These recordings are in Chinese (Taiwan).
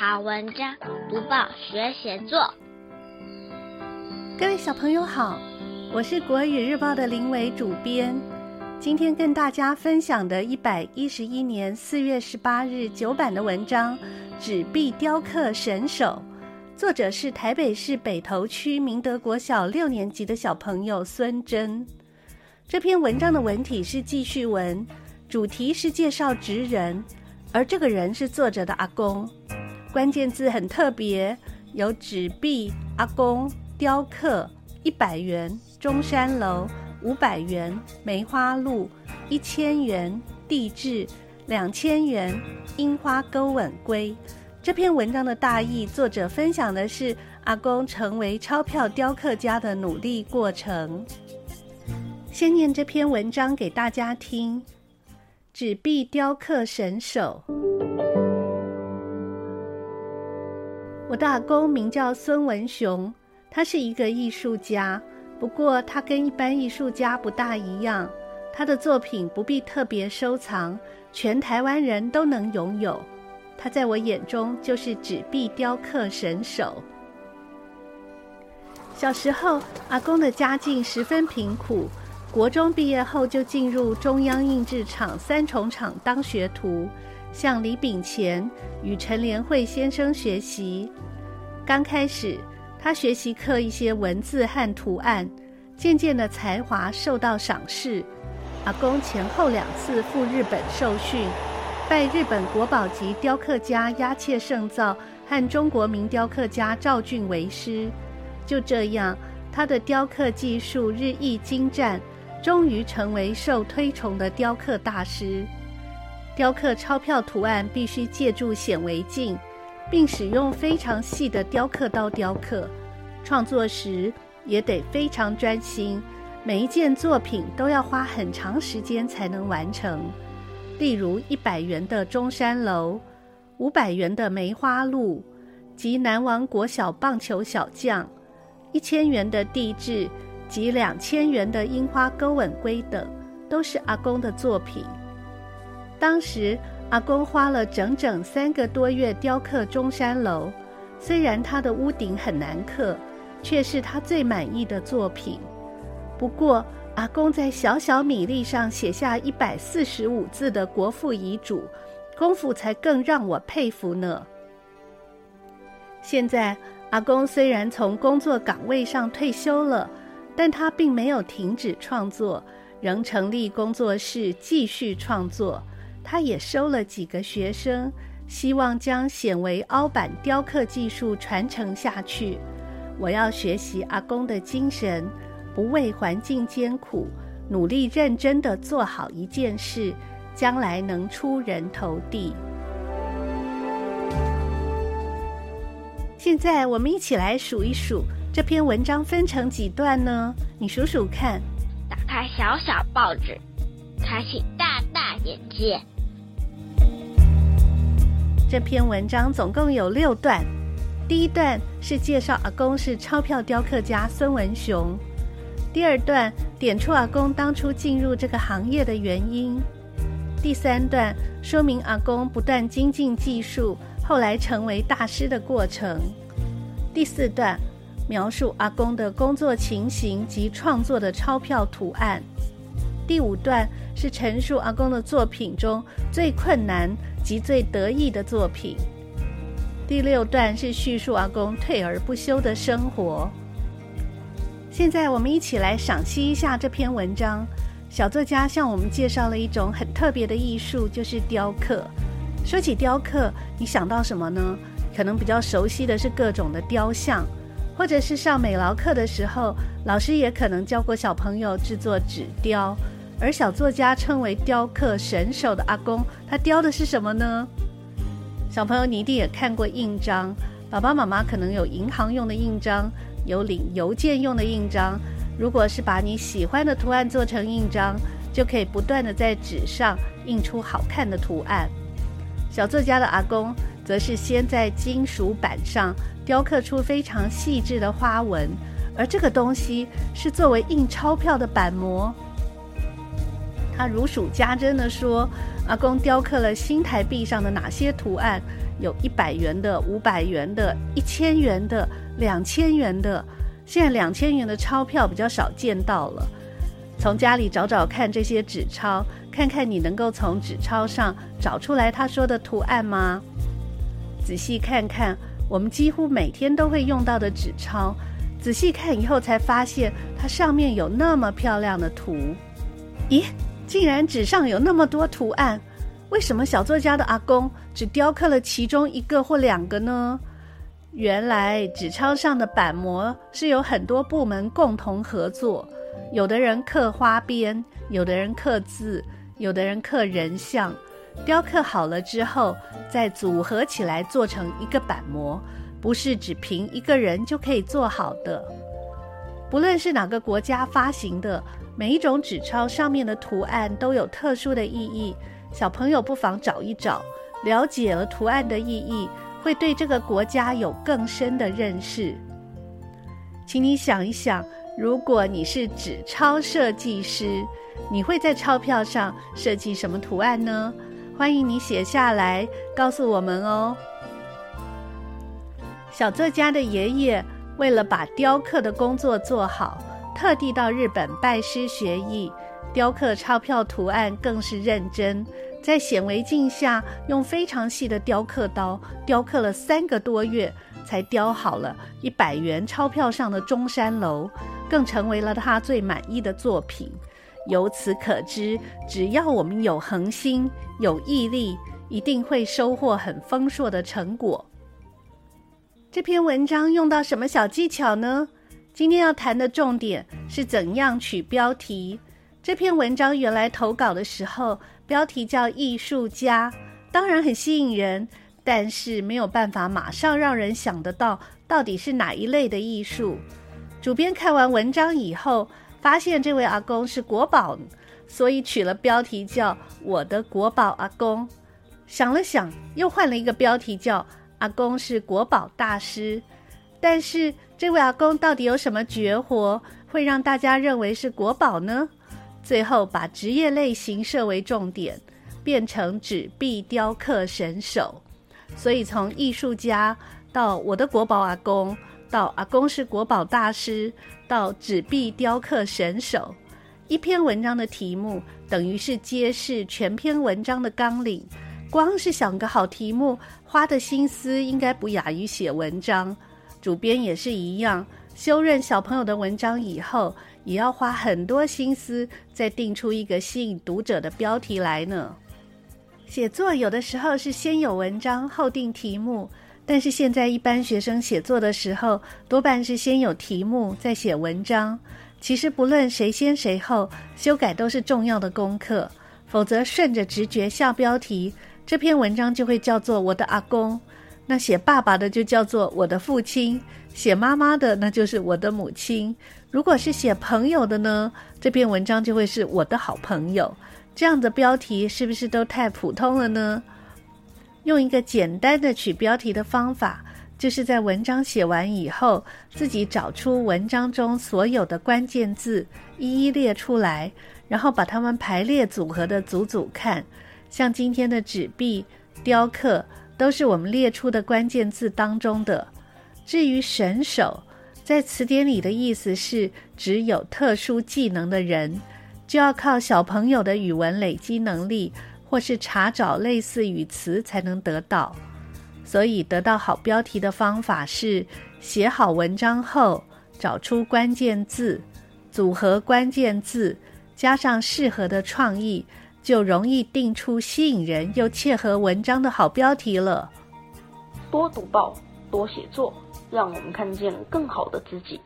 好文章，讀報學寫作。做各位小朋友好，我是國語日報的林瑋主編。今天跟大家分享的《一百一十一年四月十八日九版》的文章《紙幣雕刻神手》，作者是台北市北投區明德國小六年級的小朋友孫箴。這篇文章的文體是記敘文，主題是介紹職人，而這個人是作者的阿公。關鍵字很特別，有紙幣、阿公、雕刻、一百元、中山樓、五百元、梅花鹿、一千元、帝雉、兩千元、櫻花鉤吻鮭。這篇文章的大意，作者分享的是阿公成為鈔票雕刻家的努力過程。先念這篇文章給大家聽，紙幣雕刻神手。我的阿公名叫孫文雄，他是一個藝術家。不過他跟一般藝術家不大一樣，他的作品不必特別收藏，全台灣人都能擁有。他在我眼中就是紙幣雕刻神手。小時候，阿公的家境十分貧苦，國中畢業後就進入中央印製廠三重廠當學徒。向李炳乾與陳連惠先生學習。剛開始，他學習刻一些文字和圖案，漸漸的才華受到賞識。阿公前後兩次赴日本受訓，拜日本國寶級雕刻家押切勝造和中國名雕刻家趙俊為師。就這樣，他的雕刻技術日益精湛，終於成為受推崇的雕刻大師。雕刻鈔票圖案必須借助顯微鏡，並使用非常細的雕刻刀雕刻。創作時也得非常專心，每一件作品都要花很長時間才能完成。例如，一百元的中山樓、五百元的梅花鹿及南王國小棒球小將、一千元的地質及兩千元的櫻花鉤吻鮭等，都是阿公的作品。當時阿公花了整整三個多月雕刻中山樓，雖然他的屋頂很難刻，卻是他最滿意的作品。不過阿公在小小米粒上寫下一百四十五字的國父遺囑，功夫才更讓我佩服呢。現在阿公雖然從工作崗位上退休了，但他並沒有停止創作，仍成立工作室繼續創作。他也收了幾個學生，希望將顯微凹版雕刻技術傳承下去。我要學習阿公的精神，不畏環境艱苦，努力認真的做好一件事，將來能出人頭地。現在我們一起來數一數這篇文章分成幾段呢？你數數看。打開小小報紙，開心眼界。這篇文章總共有六段，第一段是介紹阿公是鈔票雕刻家孫文雄，第二段點出阿公當初進入這個行業的原因，第三段說明阿公不斷精進技術，後來成為大師的過程，第四段描述阿公的工作情形及創作的鈔票圖案。第五段是陳述阿公的作品中最困難及最得意的作品。第六段是敘述阿公退而不休的生活。現在我們一起來賞析一下這篇文章。小作家向我們介紹了一種很特別的藝術，就是雕刻。說起雕刻，你想到什麼呢？可能比較熟悉的是各種的雕像，或者是上美勞課的時候，老師也可能教過小朋友制作紙雕。而小作家稱為雕刻神手的阿公，他雕的是什麼呢？小朋友，你一定也看過印章。爸爸媽媽可能有銀行用的印章，有領郵件用的印章。如果是把你喜歡的圖案做成印章，就可以不斷地在紙上印出好看的圖案。小作家的阿公則是先在金屬板上雕刻出非常細緻的花紋，而這個東西是作為印鈔票的版模。他、啊、如數家珍地說：“阿公雕刻了新台幣上的哪些圖案？有一百元的、五百元的、一千元的、兩千元的。現在兩千元的鈔票比較少見到了，從家裡找找看這些紙鈔，看看你能夠從紙鈔上找出來他說的圖案嗎？仔細看看，我們幾乎每天都會用到的紙鈔，仔細看以後才發現它上面有那麼漂亮的圖。咦？”竟然紙上有那麼多圖案，為什麼小作家的阿公只雕刻了其中一個或兩個呢？原來紙鈔上的版模是由很多部門共同合作，有的人刻花邊，有的人刻字，有的人刻人像，雕刻好了之後再組合起來做成一個版模，不是只憑一個人就可以做好的。不論是哪個國家發行的，每一種紙鈔上面的圖案都有特殊的意義，小朋友不妨找一找，了解了圖案的意義，會對這個國家有更深的認識。請你想一想，如果你是紙鈔設計師，你會在鈔票上設計什麼圖案呢？歡迎你寫下來告訴我們哦。小作家的爺爺，為了把雕刻的工作做好，特地到日本拜師學藝，雕刻鈔票圖案更是認真，在顯微鏡下用非常細的雕刻刀雕刻了三個多月，才雕好了一百元鈔票上的中山樓，更成為了他最滿意的作品。由此可知，只要我們有恆心、有毅力，一定會收穫很豐碩的成果。這篇文章用到什麼小技巧呢？今天要談的重點是怎樣取標題。這篇文章原來投稿的時候，標題叫“藝術家”，當然很吸引人，但是沒有辦法馬上讓人想得到到底是哪一類的藝術。主編看完文章以後，發現這位阿公是國寶，所以取了標題叫“我的國寶阿公”。想了想，又換了一個標題叫，阿公是國寶大師，但是這位阿公到底有什麼絕活會讓大家認為是國寶呢？最後把職業類型設為重點，變成紙幣雕刻神手。所以從藝術家到我的國寶阿公，到阿公是國寶大師，到紙幣雕刻神手，一篇文章的題目等於是揭示全篇文章的綱領。光是想個好題目，花的心思應該不亞於寫文章。主編也是一樣，修潤小朋友的文章以後，也要花很多心思，再定出一個吸引讀者的標題來呢。寫作有的時候是先有文章後定題目，但是現在一般學生寫作的時候，多半是先有題目再寫文章。其實不論誰先誰後，修改都是重要的功課，否則順着直覺下標題。這篇文章就會叫做我的阿公，那寫爸爸的就叫做我的父親，寫媽媽的那就是我的母親。如果是寫朋友的呢，這篇文章就會是我的好朋友。這樣的標題是不是都太普通了呢？用一個簡單的取標題的方法，就是在文章寫完以後，自己找出文章中所有的關鍵字，一一列出來，然後把它們排列組合的組組看。像今天的紙幣雕刻都是我們列出的關鍵字當中的。至於神手，在詞典裡的意思是指有特殊技能的人，就要靠小朋友的語文累積能力，或是查找類似語詞才能得到。所以，得到好標題的方法是寫好文章後，找出關鍵字，組合關鍵字，加上適合的創意。就容易定出吸引人又切合文章的好標題了。多讀報，多寫作，讓我們看見更好的自己。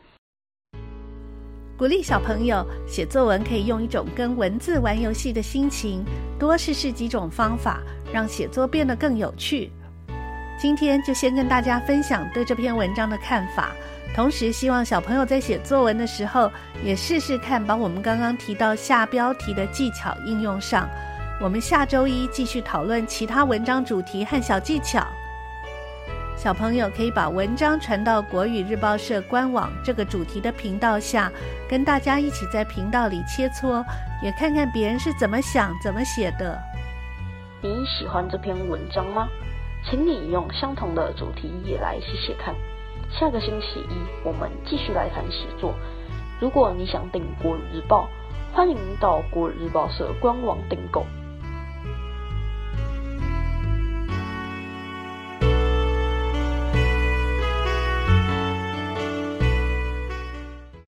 鼓勵小朋友寫作文，可以用一種跟文字玩遊戲的心情，多試試幾種方法，讓寫作變得更有趣。今天就先跟大家分享對這篇文章的看法。同時，希望小朋友在寫作文的時候也試試看，把我們剛剛提到，下標題的技巧應用上。我們下周一繼續討論其他文章主題和小技巧。小朋友可以把文章傳到國語日報社官網這個主題的頻道下，跟大家一起在頻道裡切磋，也看看別人是怎麼想、怎麼寫的。你喜歡這篇文章嗎？請你用相同的主題也來試試看。下個星期一，我們繼續來談寫作。如果你想訂《國語日報》，歡迎到《國語日報社》官網訂購。